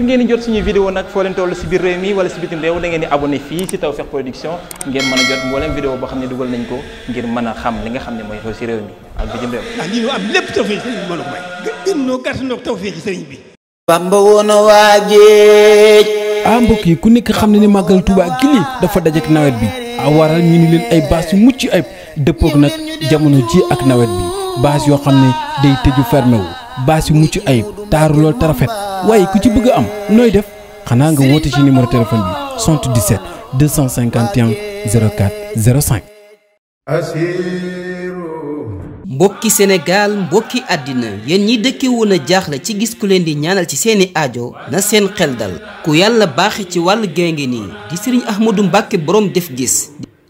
ngir ngeen di jot suñuy vidéo nag foo leen toll si biir réew mi wala si bitim réew da ngeen di abonné fii si Tawfekh Production ngeen mën a jot mboolem vidéo boo xam ne dugal nañ ko ngir mën a xam li nga xam ne mooy xew si réew mi ak bitim réew. Ah, ndax bi mën a may. gën noo gàtt a mbokk yi ku nekk xam ne ne màggal Tuubaa gi lii dafa dajek nawet bi a waral ñu ni leen ay baas yu mucc ayib dëppook nag jamono ji ak nawet bi baas yoo xam ne day tëju fermé wu baas yu mucc ayib taaru lool tarafet waaye ku ci bëgg am nooy def xanaa nga woote ci numéro téléphone bi 77 251 04 05. mbokki Sénégal mbokki àddina yéen ñi dëkke woon a jaaxle ci gis ku leen di ñaanal ci seeni aajo na seen xel dal ku yàlla baaxi ci wàllu genge nii di sëriñ Ahmadou Mbàkke boroom def gis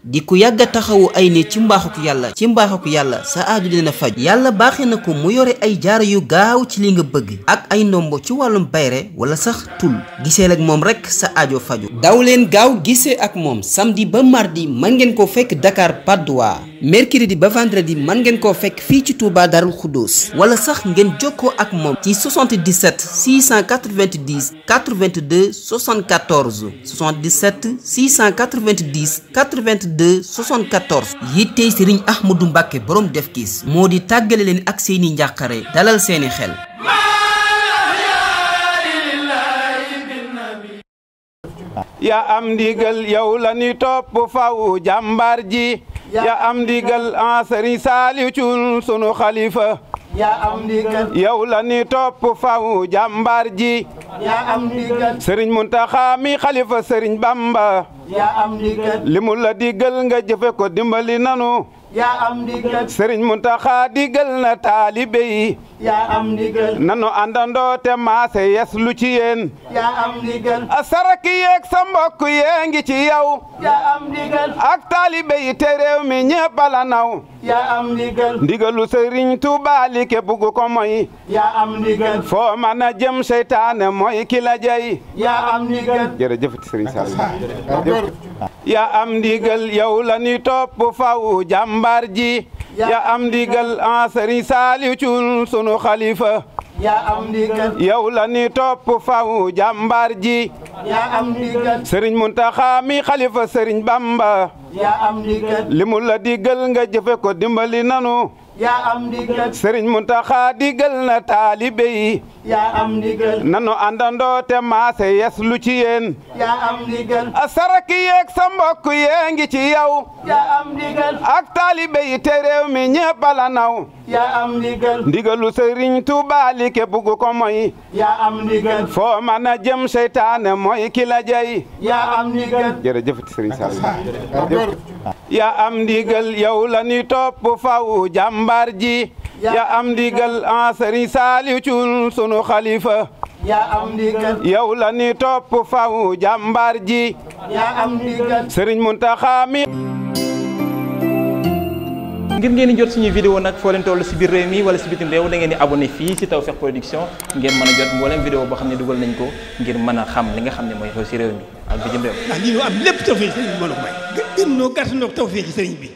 di ku yàgg a taxawu ay nit ci mbaaxuk yàlla ci mbaaxuk yàlla sa aaju dina faj yàlla baaxee na ko mu yore ay jaara yu gaaw ci li nga bëgg ak ay ndombo ci wàllum bayre wala sax tul gisee ak moom rek sa aajo faju daw leen gaaw gisee ak moom samedi ba mardi ma ngeen ko fekk dakaar Patte mercredi ba vendredi mën ngeen koo fekk fii ci Touba Darou Khoudoss wala sax ngeen jokkoo ak moom ci 77 690 82 74 77 690 82 74 yittey Serigne Ahmadou Mbacke borom def kiis moo di tàggale leen ak seeni njàqare dalal seeni xel. yaa am ndigal yow la topp faw jàmbaar ji. yaa am ndigal en Serigne Saliou Thioune sunu xalifa. yaa am ndigal yow la ni topp faw jàmbaar ji. yaa am ndigal xalifa Serigne Bamba. yaa am ndigal li mu la nga jëfe ko dimbali nanu. yaa am ndigal sëriñ na taalibe yi yaa am ndigal te maase yes lu ci yéen a saraki yeeg sa mbokk yee ngi ci yow yaa am ndigal ak taalibe yi te réew mi ñëpp la naw yaa sëriñ Tuubaa li képp ku moy yaa am jëm seytaane mooy ki la jey yaa am ndigal jërëjëf la ñuy topp faw jàmm jàmbaar ji ya am ndigal en Serigne Saliou Thioune sunu xalifa yaa am ndigal yow la ni topp faw jàmbaar ji sëriñ Muntaxa mi xalifa sëriñ Bamba li mu la nga jëfe ko dimbali nanu yaa am ndigal Serigne Mountakha digal na taalibe yi yaa am ndigal te maase yes lu ci yéen yaa sa mbokk yee ngi ci yow yaa am ndigal ak taalibe yi te réew mi ñépp la naw yaa am ndigal ndigalu ke bugg moy yaa am jëm seytaane mooy ki la jey yaa am ndigal jërëjëf la ni topp faw jàmm jàmbaar ji yaa am en Serigne Saliou Thioune sunu xalifa yaa yow la ni topp faw jàmbaar ji yaa am ndigal Serigne Mountakha mi ngir ngeen jot suñu vidéo nag foo leen toll si biir réew mi wala si bitim réew da ngeen di abonné fii si Tawfekh Production ngeen mën a jot mboolem vidéo boo xam ne dugal nañ ko ngir mën a xam li nga xam ne mooy xew si réew mi ak bitim réew. Ah, ñu am lépp Tawfekh bi mën a bi.